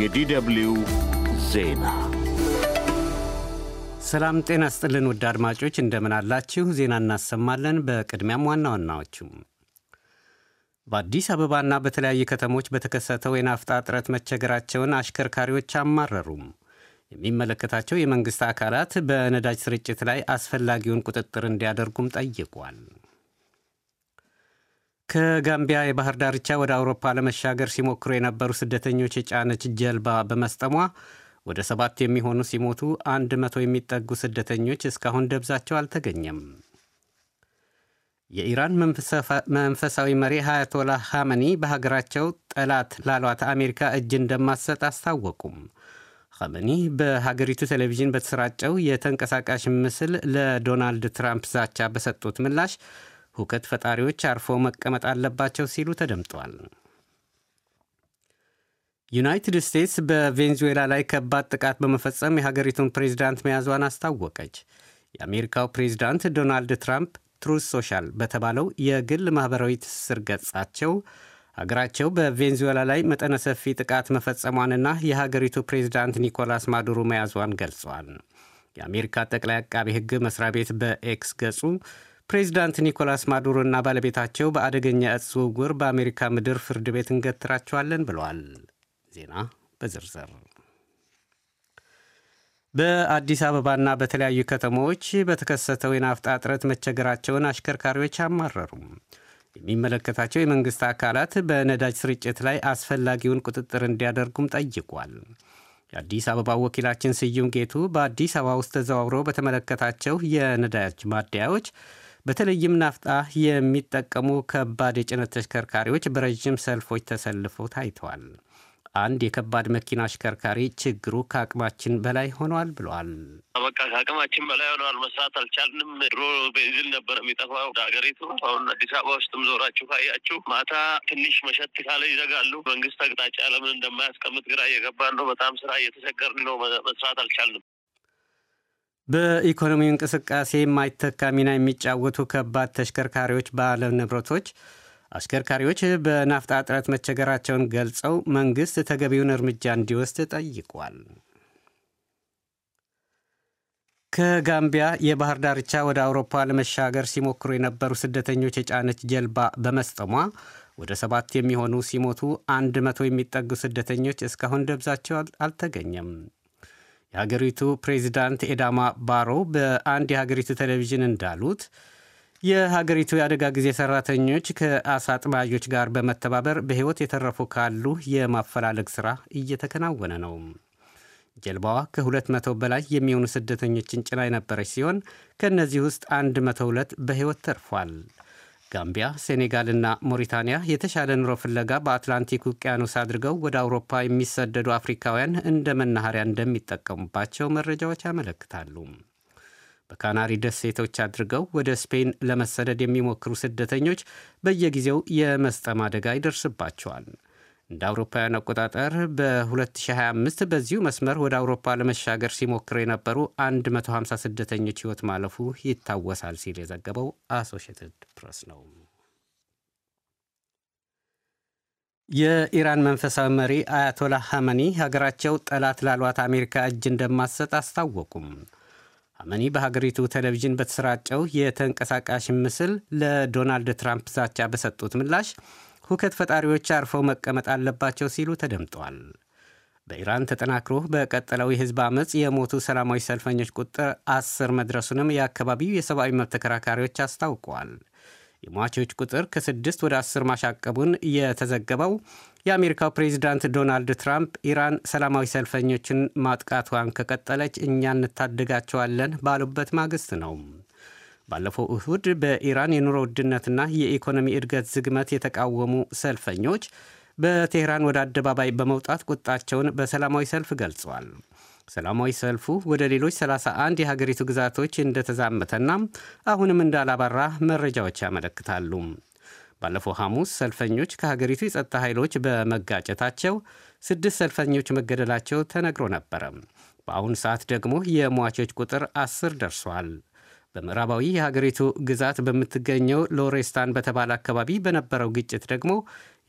የዲደብልዩ ዜና ሰላም ጤና ስጥልን። ውድ አድማጮች እንደምን አላችሁ? ዜና እናሰማለን። በቅድሚያም ዋና ዋናዎቹም በአዲስ አበባና በተለያዩ ከተሞች በተከሰተው የናፍጣ እጥረት መቸገራቸውን አሽከርካሪዎች አማረሩም። የሚመለከታቸው የመንግሥት አካላት በነዳጅ ስርጭት ላይ አስፈላጊውን ቁጥጥር እንዲያደርጉም ጠይቋል። ከጋምቢያ የባህር ዳርቻ ወደ አውሮፓ ለመሻገር ሲሞክሩ የነበሩ ስደተኞች የጫነች ጀልባ በመስጠሟ ወደ ሰባት የሚሆኑ ሲሞቱ አንድ መቶ የሚጠጉ ስደተኞች እስካሁን ደብዛቸው አልተገኘም። የኢራን መንፈሳዊ መሪ ሀያቶላ ሐመኒ በሀገራቸው ጠላት ላሏት አሜሪካ እጅ እንደማትሰጥ አስታወቁም። ሐመኒ በሀገሪቱ ቴሌቪዥን በተሰራጨው የተንቀሳቃሽ ምስል ለዶናልድ ትራምፕ ዛቻ በሰጡት ምላሽ ሁከት ፈጣሪዎች አርፈው መቀመጥ አለባቸው ሲሉ ተደምጠዋል። ዩናይትድ ስቴትስ በቬንዙዌላ ላይ ከባድ ጥቃት በመፈጸም የሀገሪቱን ፕሬዚዳንት መያዟን አስታወቀች። የአሜሪካው ፕሬዚዳንት ዶናልድ ትራምፕ ትሩስ ሶሻል በተባለው የግል ማኅበራዊ ትስስር ገጻቸው ሀገራቸው በቬንዙዌላ ላይ መጠነ ሰፊ ጥቃት መፈጸሟንና የሀገሪቱ ፕሬዚዳንት ኒኮላስ ማዱሮ መያዟን ገልጸዋል። የአሜሪካ ጠቅላይ አቃቤ ሕግ መስሪያ ቤት በኤክስ ገጹ ፕሬዚዳንት ኒኮላስ ማዱሮ እና ባለቤታቸው በአደገኛ እጽ ዝውውር በአሜሪካ ምድር ፍርድ ቤት እንገትራቸዋለን ብለዋል። ዜና በዝርዝር በአዲስ አበባና በተለያዩ ከተሞች በተከሰተው የናፍጣ እጥረት መቸገራቸውን አሽከርካሪዎች አማረሩ። የሚመለከታቸው የመንግሥት አካላት በነዳጅ ስርጭት ላይ አስፈላጊውን ቁጥጥር እንዲያደርጉም ጠይቋል። የአዲስ አበባ ወኪላችን ስዩም ጌቱ በአዲስ አበባ ውስጥ ተዘዋውረው በተመለከታቸው የነዳጅ ማደያዎች በተለይም ናፍጣ የሚጠቀሙ ከባድ የጭነት ተሽከርካሪዎች በረዥም ሰልፎች ተሰልፈው ታይተዋል። አንድ የከባድ መኪና አሽከርካሪ ችግሩ ከአቅማችን በላይ ሆኗል ብለዋል። በቃ ከአቅማችን በላይ ሆኗል፣ መስራት አልቻልንም። ድሮ ቤንዚን ነበር የሚጠፋው ሀገሪቱ። አሁን አዲስ አበባ ውስጥም ዞራችሁ ካያችሁ ማታ ትንሽ መሸት ካለ ይዘጋሉ። መንግስት አቅጣጫ ለምን እንደማያስቀምጥ ግራ እየገባን ነው። በጣም ስራ እየተቸገርን ነው። መስራት አልቻልንም። በኢኮኖሚው እንቅስቃሴ የማይተካ ሚና የሚጫወቱ ከባድ ተሽከርካሪዎች ባለ ንብረቶች አሽከርካሪዎች በናፍጣ እጥረት መቸገራቸውን ገልጸው መንግሥት ተገቢውን እርምጃ እንዲወስድ ጠይቋል። ከጋምቢያ የባህር ዳርቻ ወደ አውሮፓ ለመሻገር ሲሞክሩ የነበሩ ስደተኞች የጫነች ጀልባ በመስጠሟ ወደ ሰባት የሚሆኑ ሲሞቱ አንድ መቶ የሚጠጉ ስደተኞች እስካሁን ደብዛቸው አልተገኘም። የሀገሪቱ ፕሬዚዳንት ኤዳማ ባሮ በአንድ የሀገሪቱ ቴሌቪዥን እንዳሉት የሀገሪቱ የአደጋ ጊዜ ሰራተኞች ከአሳ አጥማጆች ጋር በመተባበር በሕይወት የተረፉ ካሉ የማፈላለግ ሥራ እየተከናወነ ነው። ጀልባዋ ከ200 በላይ የሚሆኑ ስደተኞችን ጭና የነበረች ሲሆን ከእነዚህ ውስጥ 102 በሕይወት ተርፏል። ጋምቢያ፣ ሴኔጋልና ሞሪታንያ የተሻለ ኑሮ ፍለጋ በአትላንቲክ ውቅያኖስ አድርገው ወደ አውሮፓ የሚሰደዱ አፍሪካውያን እንደ መናኸሪያ እንደሚጠቀሙባቸው መረጃዎች ያመለክታሉ። በካናሪ ደሴቶች አድርገው ወደ ስፔን ለመሰደድ የሚሞክሩ ስደተኞች በየጊዜው የመስጠም አደጋ ይደርስባቸዋል። እንደ አውሮፓውያን አቆጣጠር በ2025 በዚሁ መስመር ወደ አውሮፓ ለመሻገር ሲሞክር የነበሩ 150 ስደተኞች ህይወት ማለፉ ይታወሳል ሲል የዘገበው አሶሽትድ ፕሬስ ነው። የኢራን መንፈሳዊ መሪ አያቶላ ሐመኒ ሀገራቸው ጠላት ላሏት አሜሪካ እጅ እንደማትሰጥ አስታወቁም። ሐመኒ በሀገሪቱ ቴሌቪዥን በተሰራጨው የተንቀሳቃሽ ምስል ለዶናልድ ትራምፕ ዛቻ በሰጡት ምላሽ ሁከት ፈጣሪዎች አርፈው መቀመጥ አለባቸው ሲሉ ተደምጠዋል። በኢራን ተጠናክሮ በቀጠለው የህዝብ ዓመፅ የሞቱ ሰላማዊ ሰልፈኞች ቁጥር አስር መድረሱንም የአካባቢው የሰብአዊ መብት ተከራካሪዎች አስታውቀዋል። የሟቾች ቁጥር ከስድስት ወደ አስር ማሻቀቡን የተዘገበው የአሜሪካው ፕሬዚዳንት ዶናልድ ትራምፕ ኢራን ሰላማዊ ሰልፈኞችን ማጥቃቷን ከቀጠለች እኛ እንታደጋቸዋለን ባሉበት ማግስት ነው። ባለፈው እሁድ በኢራን የኑሮ ውድነትና የኢኮኖሚ እድገት ዝግመት የተቃወሙ ሰልፈኞች በቴህራን ወደ አደባባይ በመውጣት ቁጣቸውን በሰላማዊ ሰልፍ ገልጸዋል። ሰላማዊ ሰልፉ ወደ ሌሎች 31 የሀገሪቱ ግዛቶች እንደተዛመተና አሁንም እንዳላባራ መረጃዎች ያመለክታሉ። ባለፈው ሐሙስ ሰልፈኞች ከሀገሪቱ የጸጥታ ኃይሎች በመጋጨታቸው ስድስት ሰልፈኞች መገደላቸው ተነግሮ ነበረ። በአሁኑ ሰዓት ደግሞ የሟቾች ቁጥር አስር ደርሷል። በምዕራባዊ የሀገሪቱ ግዛት በምትገኘው ሎሬስታን በተባለ አካባቢ በነበረው ግጭት ደግሞ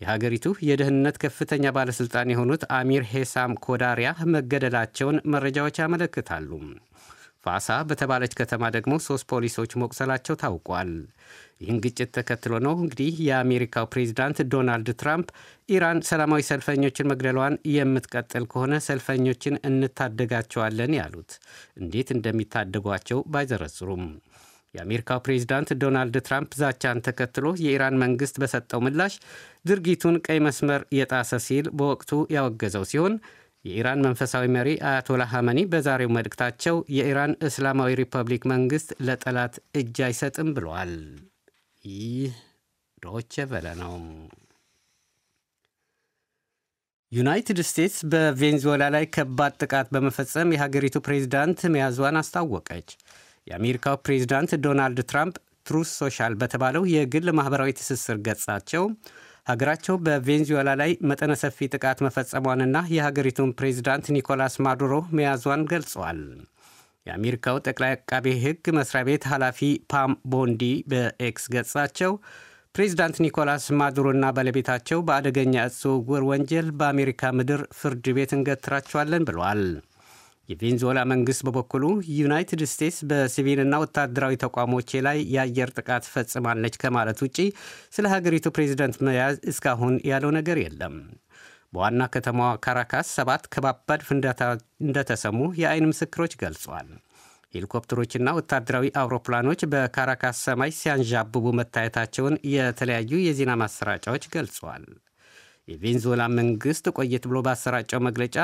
የሀገሪቱ የደህንነት ከፍተኛ ባለሥልጣን የሆኑት አሚር ሄሳም ኮዳሪያ መገደላቸውን መረጃዎች ያመለክታሉ። ፋሳ በተባለች ከተማ ደግሞ ሶስት ፖሊሶች መቁሰላቸው ታውቋል። ይህን ግጭት ተከትሎ ነው እንግዲህ የአሜሪካው ፕሬዚዳንት ዶናልድ ትራምፕ ኢራን ሰላማዊ ሰልፈኞችን መግደሏን የምትቀጥል ከሆነ ሰልፈኞችን እንታደጋቸዋለን ያሉት። እንዴት እንደሚታደጓቸው ባይዘረዝሩም የአሜሪካው ፕሬዚዳንት ዶናልድ ትራምፕ ዛቻን ተከትሎ የኢራን መንግስት በሰጠው ምላሽ ድርጊቱን ቀይ መስመር የጣሰ ሲል በወቅቱ ያወገዘው ሲሆን የኢራን መንፈሳዊ መሪ አያቶላ ሐመኒ በዛሬው መልእክታቸው የኢራን እስላማዊ ሪፐብሊክ መንግሥት ለጠላት እጅ አይሰጥም ብለዋል። ይህ ዶቼ ቬለ ነው። ዩናይትድ ስቴትስ በቬንዙዌላ ላይ ከባድ ጥቃት በመፈጸም የሀገሪቱ ፕሬዚዳንት መያዟን አስታወቀች። የአሜሪካው ፕሬዚዳንት ዶናልድ ትራምፕ ትሩስ ሶሻል በተባለው የግል ማኅበራዊ ትስስር ገጻቸው ሀገራቸው በቬንዙዌላ ላይ መጠነ ሰፊ ጥቃት መፈጸሟንና የሀገሪቱን ፕሬዚዳንት ኒኮላስ ማዱሮ መያዟን ገልጸዋል። የአሜሪካው ጠቅላይ አቃቤ ሕግ መስሪያ ቤት ኃላፊ ፓም ቦንዲ በኤክስ ገጻቸው ፕሬዚዳንት ኒኮላስ ማዱሮና ባለቤታቸው በአደገኛ እጽ ዝውውር ወንጀል በአሜሪካ ምድር ፍርድ ቤት እንገትራቸዋለን ብለዋል። የቬንዙዌላ መንግሥት በበኩሉ ዩናይትድ ስቴትስ በሲቪልና ወታደራዊ ተቋሞቼ ላይ የአየር ጥቃት ፈጽማለች ከማለት ውጪ ስለ ሀገሪቱ ፕሬዚደንት መያዝ እስካሁን ያለው ነገር የለም። በዋና ከተማዋ ካራካስ ሰባት ከባባድ ፍንዳታ እንደተሰሙ የአይን ምስክሮች ገልጿል። ሄሊኮፕተሮችና ወታደራዊ አውሮፕላኖች በካራካስ ሰማይ ሲያንዣብቡ መታየታቸውን የተለያዩ የዜና ማሰራጫዎች ገልጿል። የቬንዙዌላ መንግስት ቆየት ብሎ ባሰራጨው መግለጫ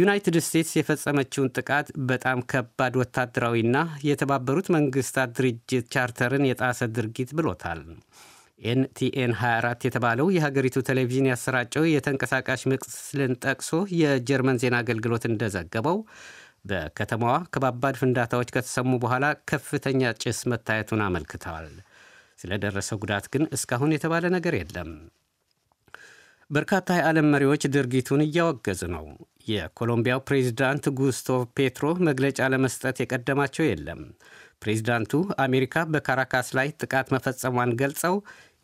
ዩናይትድ ስቴትስ የፈጸመችውን ጥቃት በጣም ከባድ ወታደራዊና የተባበሩት መንግስታት ድርጅት ቻርተርን የጣሰ ድርጊት ብሎታል። ኤንቲኤን 24 የተባለው የሀገሪቱ ቴሌቪዥን ያሰራጨው የተንቀሳቃሽ ምስልን ጠቅሶ የጀርመን ዜና አገልግሎት እንደዘገበው በከተማዋ ከባባድ ፍንዳታዎች ከተሰሙ በኋላ ከፍተኛ ጭስ መታየቱን አመልክተዋል። ስለደረሰው ጉዳት ግን እስካሁን የተባለ ነገር የለም። በርካታ የዓለም መሪዎች ድርጊቱን እያወገዙ ነው። የኮሎምቢያው ፕሬዚዳንት ጉስቶ ፔትሮ መግለጫ ለመስጠት የቀደማቸው የለም። ፕሬዚዳንቱ አሜሪካ በካራካስ ላይ ጥቃት መፈጸሟን ገልጸው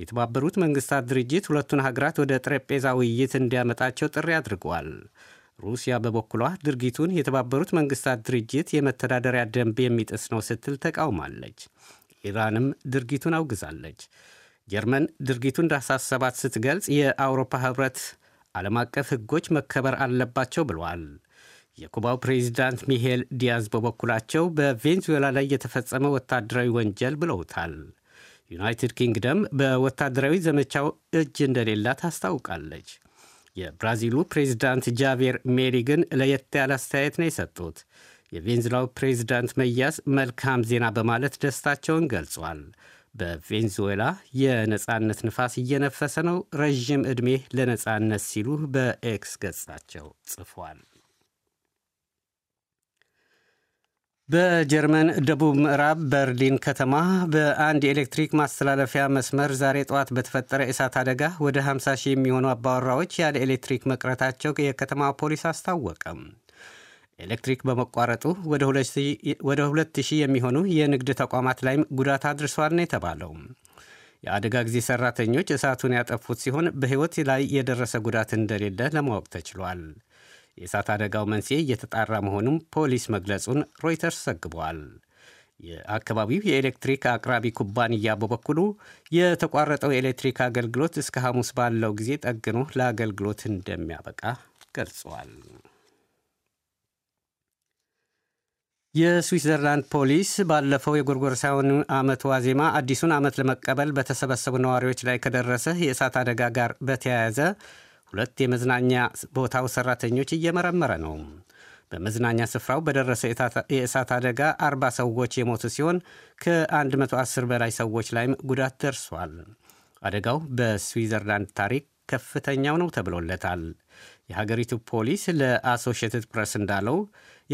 የተባበሩት መንግስታት ድርጅት ሁለቱን ሀገራት ወደ ጠረጴዛ ውይይት እንዲያመጣቸው ጥሪ አድርጓል። ሩሲያ በበኩሏ ድርጊቱን የተባበሩት መንግስታት ድርጅት የመተዳደሪያ ደንብ የሚጥስ ነው ስትል ተቃውማለች። ኢራንም ድርጊቱን አውግዛለች። ጀርመን ድርጊቱ እንዳሳሰባት ስትገልጽ የአውሮፓ ህብረት ዓለም አቀፍ ህጎች መከበር አለባቸው ብለዋል። የኩባው ፕሬዚዳንት ሚሄል ዲያዝ በበኩላቸው በቬንዙዌላ ላይ የተፈጸመ ወታደራዊ ወንጀል ብለውታል። ዩናይትድ ኪንግደም በወታደራዊ ዘመቻው እጅ እንደሌላት ታስታውቃለች። የብራዚሉ ፕሬዚዳንት ጃቬር ሜሪ ግን ለየት ያለ አስተያየት ነው የሰጡት። የቬንዙዌላው ፕሬዚዳንት መያዝ መልካም ዜና በማለት ደስታቸውን ገልጿል። በቬንዙዌላ የነፃነት ንፋስ እየነፈሰ ነው፣ ረዥም ዕድሜ ለነፃነት ሲሉ በኤክስ ገጻቸው ጽፏል። በጀርመን ደቡብ ምዕራብ በርሊን ከተማ በአንድ የኤሌክትሪክ ማስተላለፊያ መስመር ዛሬ ጠዋት በተፈጠረ እሳት አደጋ ወደ 50 ሺህ የሚሆኑ አባወራዎች ያለ ኤሌክትሪክ መቅረታቸው የከተማ ፖሊስ አስታወቀም። ኤሌክትሪክ በመቋረጡ ወደ 2000 የሚሆኑ የንግድ ተቋማት ላይ ጉዳት አድርሷል ነው የተባለው። የአደጋ ጊዜ ሰራተኞች እሳቱን ያጠፉት ሲሆን በሕይወት ላይ የደረሰ ጉዳት እንደሌለ ለማወቅ ተችሏል። የእሳት አደጋው መንስኤ እየተጣራ መሆኑም ፖሊስ መግለጹን ሮይተርስ ዘግቧል። የአካባቢው የኤሌክትሪክ አቅራቢ ኩባንያ በበኩሉ የተቋረጠው የኤሌክትሪክ አገልግሎት እስከ ሐሙስ ባለው ጊዜ ጠግኖ ለአገልግሎት እንደሚያበቃ ገልጿል። የስዊትዘርላንድ ፖሊስ ባለፈው የጎርጎርሳውን ዓመት ዋዜማ አዲሱን ዓመት ለመቀበል በተሰበሰቡ ነዋሪዎች ላይ ከደረሰ የእሳት አደጋ ጋር በተያያዘ ሁለት የመዝናኛ ቦታው ሰራተኞች እየመረመረ ነው። በመዝናኛ ስፍራው በደረሰ የእሳት አደጋ 40 ሰዎች የሞቱ ሲሆን ከ110 በላይ ሰዎች ላይም ጉዳት ደርሷል። አደጋው በስዊዘርላንድ ታሪክ ከፍተኛው ነው ተብሎለታል። የሀገሪቱ ፖሊስ ለአሶሺየትድ ፕሬስ እንዳለው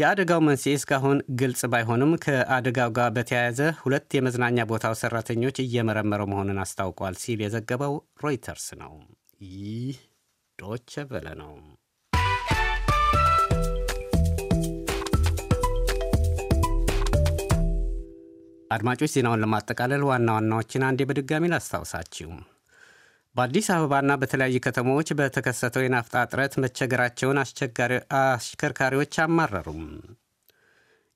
የአደጋው መንስኤ እስካሁን ግልጽ ባይሆንም ከአደጋው ጋር በተያያዘ ሁለት የመዝናኛ ቦታው ሰራተኞች እየመረመረው መሆኑን አስታውቋል ሲል የዘገበው ሮይተርስ ነው። ይህ ዶቸ ቨለ ነው። አድማጮች ዜናውን ለማጠቃለል ዋና ዋናዎችን አንዴ በድጋሚ ላስታውሳችሁ። በአዲስ አበባና በተለያዩ ከተሞች በተከሰተው የናፍጣ እጥረት መቸገራቸውን አሽከርካሪዎች አማረሩም።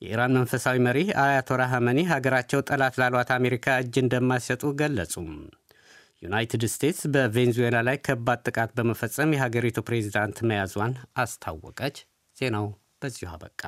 የኢራን መንፈሳዊ መሪ አያቶላ ሐመኒ ሀገራቸው ጠላት ላሏት አሜሪካ እጅ እንደማይሰጡ ገለጹ። ዩናይትድ ስቴትስ በቬንዙዌላ ላይ ከባድ ጥቃት በመፈጸም የሀገሪቱ ፕሬዚዳንት መያዟን አስታወቀች። ዜናው በዚሁ አበቃ።